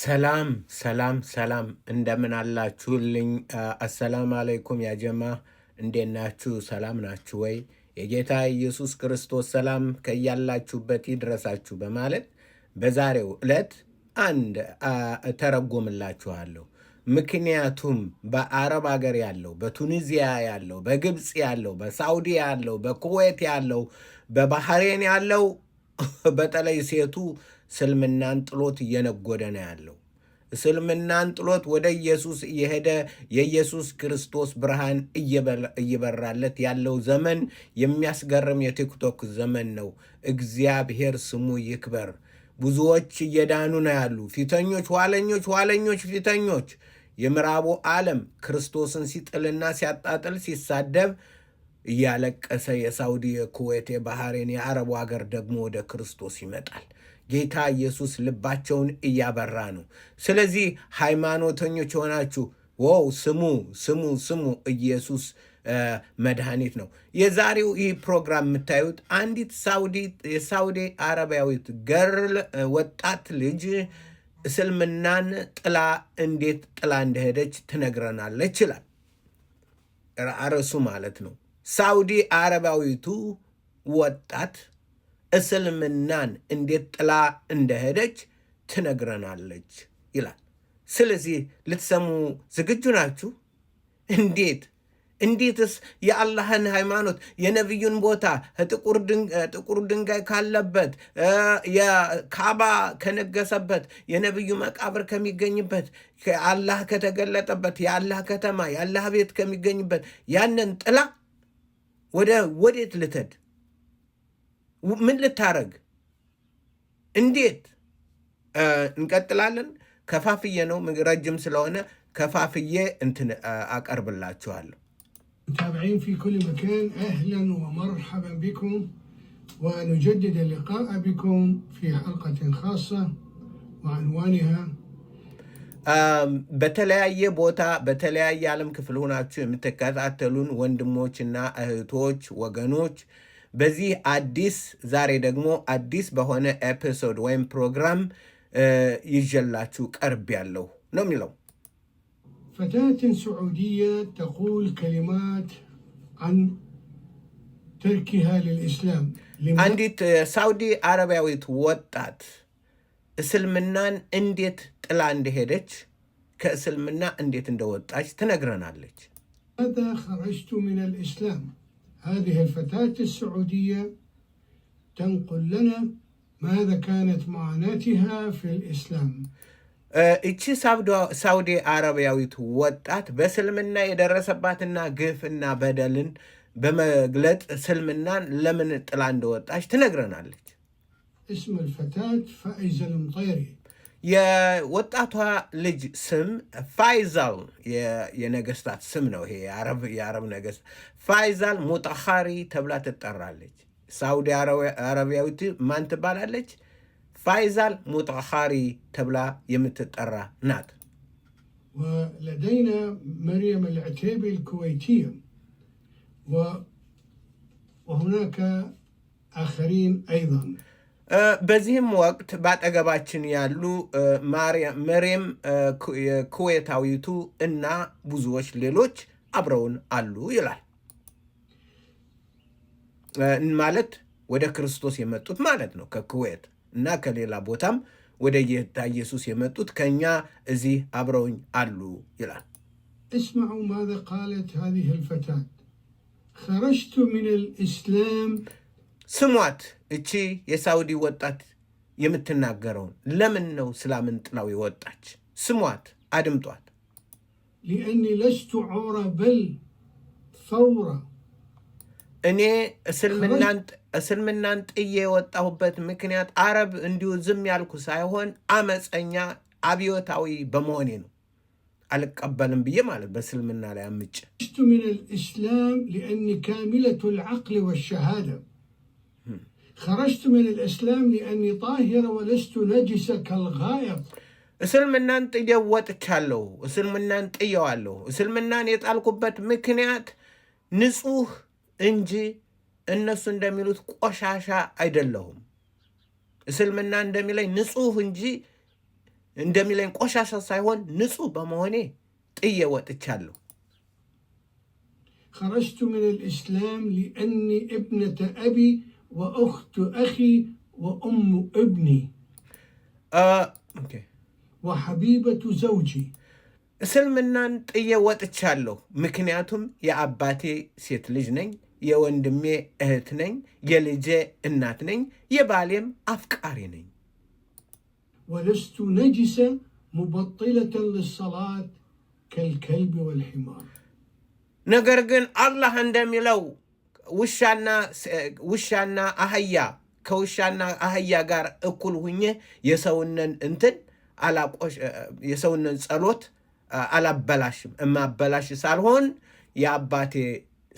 ሰላም ሰላም ሰላም፣ እንደምን አላችሁልኝ? አሰላም አለይኩም ያጀማ፣ እንዴት ናችሁ? ሰላም ናችሁ ወይ? የጌታ ኢየሱስ ክርስቶስ ሰላም ከያላችሁበት ይድረሳችሁ በማለት በዛሬው ዕለት አንድ ተረጎምላችኋለሁ። ምክንያቱም በአረብ ሀገር ያለው፣ በቱኒዚያ ያለው፣ በግብፅ ያለው፣ በሳውዲ ያለው፣ በኩዌት ያለው፣ በባህሬን ያለው በተለይ ሴቱ እስልምናን ጥሎት እየነጎደ ነው ያለው። እስልምናን ጥሎት ወደ ኢየሱስ እየሄደ የኢየሱስ ክርስቶስ ብርሃን እየበራለት ያለው ዘመን የሚያስገርም የቲክቶክ ዘመን ነው። እግዚአብሔር ስሙ ይክበር። ብዙዎች እየዳኑ ነው ያሉ። ፊተኞች ኋለኞች፣ ኋለኞች ፊተኞች። የምዕራቡ ዓለም ክርስቶስን ሲጥልና ሲያጣጥል ሲሳደብ እያለቀሰ የሳውዲ የኩዌት የባህሬን የአረቡ ሀገር ደግሞ ወደ ክርስቶስ ይመጣል። ጌታ ኢየሱስ ልባቸውን እያበራ ነው። ስለዚህ ሃይማኖተኞች የሆናችሁ ወው ስሙ ስሙ ስሙ፣ ኢየሱስ መድኃኒት ነው። የዛሬው ይህ ፕሮግራም የምታዩት አንዲት የሳውዲ አረቢያዊት ገርል ወጣት ልጅ እስልምናን ጥላ እንዴት ጥላ እንደሄደች ትነግረናለች ይላል ርዕሱ ማለት ነው። ሳውዲ አረቢያዊቱ ወጣት እስልምናን እንዴት ጥላ እንደሄደች ትነግረናለች ይላል። ስለዚህ ልትሰሙ ዝግጁ ናችሁ? እንዴት እንዴትስ የአላህን ሃይማኖት የነቢዩን ቦታ ጥቁር ድንጋይ ካለበት የካባ ከነገሰበት የነቢዩ መቃብር ከሚገኝበት አላህ ከተገለጠበት የአላህ ከተማ የአላህ ቤት ከሚገኝበት ያንን ጥላ ወደ ወዴት ልትሄድ ምን ልታረግ እንዴት? እንቀጥላለን። ከፋፍዬ ነው ረጅም ስለሆነ ከፋፍዬ እንትን አቀርብላችኋለሁ። متابعين في كل مكان اهلا ومرحبا بكم ونجدد اللقاء بكم في حلقه خاصه وعنوانها በተለያየ ቦታ በተለያየ ዓለም ክፍል ሆናችሁ የምትከታተሉን ወንድሞችና እህቶች ወገኖች በዚህ አዲስ ዛሬ ደግሞ አዲስ በሆነ ኤፒሶድ ወይም ፕሮግራም ይዤላችሁ ቀርብ ያለው ነው የሚለው ፈታትን سعودية ተቁል ከሊማት عن ተርኪሃ ልልእስላም አንዲት ሳውዲ አረቢያዊት ወጣት እስልምናን እንዴት ጥላ እንደሄደች ከእስልምና እንዴት እንደወጣች ትነግረናለች هذا خرجت ምን ልእስላም هذه الفتاة السعودية تنقل لنا ماذا كانت معاناتها في الإسلام እቺ ሳውዲ አረቢያዊቱ ወጣት በስልምና የደረሰባትና ግፍ እና በደልን በመግለጥ ስልምናን ለምን ጥላ እንደወጣች ትነግረናለች። እስም ልፈታት ፋኢዘ ልምጠሪ የወጣቷ ልጅ ስም ፋይዛል የነገስታት ስም ነው። ይሄ የአረብ ነገስት ፋይዛል ሙጣኻሪ ተብላ ትጠራለች። ሳውዲ አረቢያዊት ማን ትባላለች? ፋይዛል ሙጣኻሪ ተብላ የምትጠራ ናት። ወለደይና መርየም አልዕቴቢ አልኩወይቲያ ወሁናከ አኸሪን አይን በዚህም ወቅት በአጠገባችን ያሉ መሬም ኩዌታዊቱ እና ብዙዎች ሌሎች አብረውን አሉ ይላል። ማለት ወደ ክርስቶስ የመጡት ማለት ነው ከኩዌት እና ከሌላ ቦታም ወደ ጌታ ኢየሱስ የመጡት ከእኛ እዚህ አብረውኝ አሉ ይላል። እስማዑ ማዘ ቃለት ሃዚህ ልፈታት ኸረጅቱ ምን ልእስላም ስሟት እቺ የሳውዲ ወጣት የምትናገረውን ለምን ነው እስላምን ጥላው የወጣች? ስሟት፣ አድምጧት። ሊአኒ ለስቱ ዑራ በል ፈውራ እኔ እስልምናን ጥዬ የወጣሁበት ምክንያት አረብ እንዲሁ ዝም ያልኩ ሳይሆን አመፀኛ አብዮታዊ በመሆኔ ነው። አልቀበልም ብዬ ማለት በእስልምና ላይ አምጭ ሚን ልእስላም ሊአኒ ካሚለቱ ልዓቅል ወሸሃዳ خرجت من الإسلام لأني طاهرة ولست نجسة كالغائط እስልምናን ጥዬ ወጥቻለሁ። እስልምናን ጥየዋለሁ። እስልምናን የጣልኩበት ምክንያት ንጹህ እንጂ እነሱ እንደሚሉት ቆሻሻ አይደለሁም። እስልምና እንደሚለኝ ንጹህ እንጂ እንደሚለኝ ቆሻሻ ሳይሆን ንጹህ በመሆኔ ጥዬ ወጥቻለሁ። خرجت من الإسلام لأني ابنة أبي وأخت أخي وأم ابني ወሐቢበቱ ዘውጂ እስልምናን ጥዬ ወጥቻለሁ። ምክንያቱም የአባቴ ሴት ልጅ ነኝ፣ የወንድሜ እህት ነኝ፣ የልጄ እናት ነኝ፣ የባሌም አፍቃሪ ነኝ። ወለስቱ ነጅሰ ሙበጢለተን ልሰላት ከልከልቢ ወልሒማር ነገር ግን አላህ እንደሚለው ውሻና ውሻና አህያ ከውሻና አህያ ጋር እኩል ሁኜ የሰውነን እንትን የሰውነን ጸሎት አላበላሽም። እማበላሽ ሳልሆን የአባቴ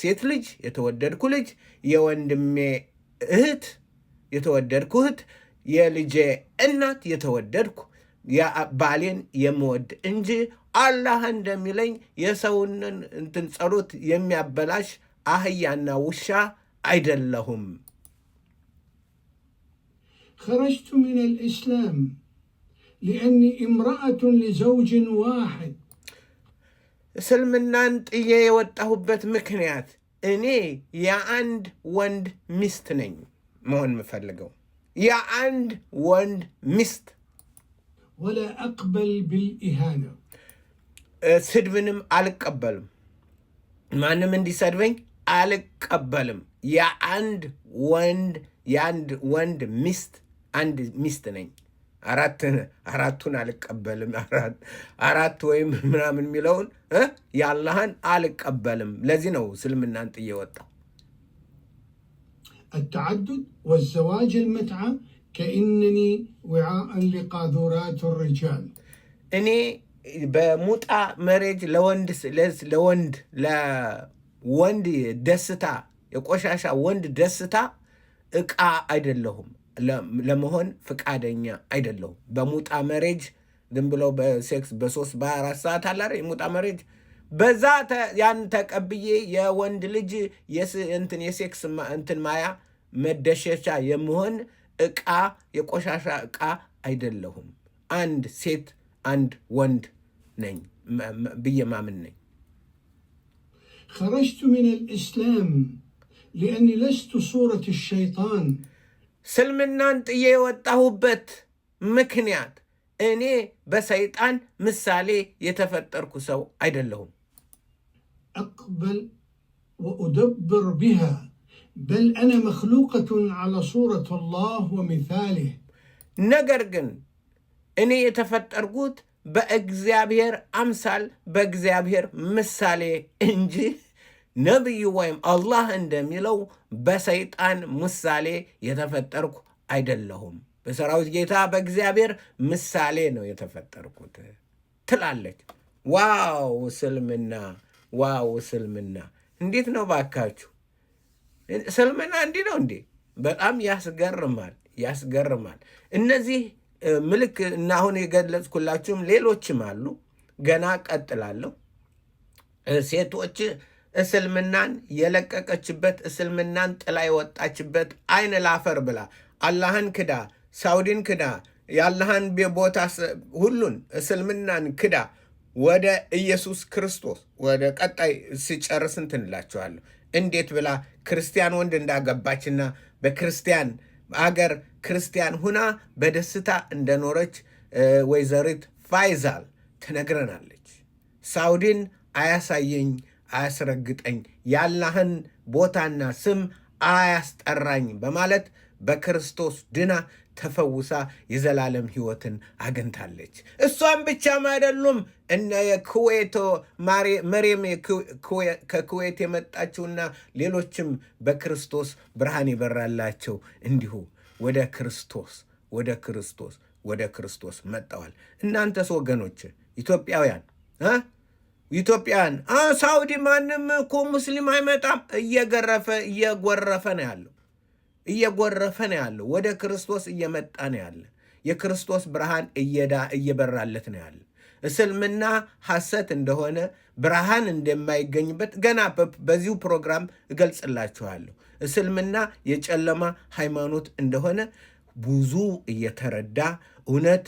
ሴት ልጅ የተወደድኩ ልጅ፣ የወንድሜ እህት የተወደድኩ እህት፣ የልጄ እናት የተወደድኩ ባሌን የምወድ እንጂ አላህ እንደሚለኝ የሰውንን እንትን ጸሎት የሚያበላሽ አህያና ውሻ አይደለሁም። خرجت من الإسلام لأني امرأة لزوج واحد እስልምናን ጥዬ የወጣሁበት ምክንያት እኔ የአንድ ወንድ ሚስት ነኝ መሆን የምፈልገው የአንድ ወንድ ሚስት ወላ አቅበል ብልኢሃና ስድብንም አልቀበልም። ማንም እንዲሰድበኝ አልቀበልም። የአንድ ወንድ የአንድ ወንድ ሚስት አንድ ሚስት ነኝ። አራቱን አልቀበልም። አራት ወይም ምናምን የሚለውን የአላህን አልቀበልም። ለዚህ ነው እስልምናን ጥዬ ወጣ። التعدد والزواج المتعة كأنني وعاء لقاذورات ርጃል እኔ በሙጣ መሬጅ ለወንድ ለወንድ ወንድ ደስታ የቆሻሻ ወንድ ደስታ እቃ አይደለሁም ለመሆን ፍቃደኛ አይደለሁም። በሙጣ መሬጅ ዝም ብሎ በሴክስ በሶስት በአራት ሰዓት አላ የሙጣ መሬጅ በዛ ያን ተቀብዬ የወንድ ልጅ እንትን የሴክስ እንትን ማያ መደሸቻ የምሆን እቃ የቆሻሻ እቃ አይደለሁም። አንድ ሴት አንድ ወንድ ነኝ ብዬ ማምን ነኝ። خرجت من الإسلام لأني لست صورة الشيطان سلمنا أنت إيه مكنيات أني بسيطان مسالي يتفترك سو عيد اللهم أقبل وأدبر بها بل أنا مخلوقة على صورة الله ومثاله نقرقن أني يتفترقوت በእግዚአብሔር አምሳል በእግዚአብሔር ምሳሌ እንጂ ነቢይ ወይም አላህ እንደሚለው በሰይጣን ምሳሌ የተፈጠርኩ አይደለሁም፣ በሰራዊት ጌታ በእግዚአብሔር ምሳሌ ነው የተፈጠርኩት ትላለች። ዋው እስልምና! ዋው እስልምና! እንዴት ነው ባካችሁ? እስልምና እንዲህ ነው እንዴ? በጣም ያስገርማል፣ ያስገርማል። እነዚህ ምልክ እና አሁን የገለጽኩላችሁም ሌሎችም አሉ። ገና ቀጥላለሁ። ሴቶች እስልምናን የለቀቀችበት እስልምናን ጥላ የወጣችበት አይን ላፈር ብላ አላህን ክዳ ሳውዲን ክዳ የአላህን ቦታ ሁሉን እስልምናን ክዳ ወደ ኢየሱስ ክርስቶስ ወደ ቀጣይ ሲጨርስ እንትንላችኋለሁ እንዴት ብላ ክርስቲያን ወንድ እንዳገባችና በክርስቲያን አገር ክርስቲያን ሁና በደስታ እንደኖረች ወይዘሪት ፋይዛል ትነግረናለች። ሳውዲን አያሳየኝ አያስረግጠኝ፣ ያላህን ቦታና ስም አያስጠራኝ በማለት በክርስቶስ ድና ተፈውሳ የዘላለም ሕይወትን አግኝታለች። እሷም ብቻም አይደሉም። እነ የኩዌቶ መሬም ከኩዌት የመጣችውና ሌሎችም በክርስቶስ ብርሃን ይበራላቸው እንዲሁ ወደ ክርስቶስ ወደ ክርስቶስ ወደ ክርስቶስ መጠዋል። እናንተስ ወገኖች ኢትዮጵያውያን ኢትዮጵያውያን ሳውዲ ማንም እኮ ሙስሊም አይመጣም። እየገረፈ እየጎረፈ ነው ያለው እየጎረፈ ነው ያለው። ወደ ክርስቶስ እየመጣ ነው ያለ። የክርስቶስ ብርሃን እየዳ እየበራለት ነው ያለ። እስልምና ሐሰት እንደሆነ ብርሃን እንደማይገኝበት ገና በዚሁ ፕሮግራም እገልጽላችኋለሁ። እስልምና የጨለማ ሃይማኖት እንደሆነ ብዙ እየተረዳ እውነት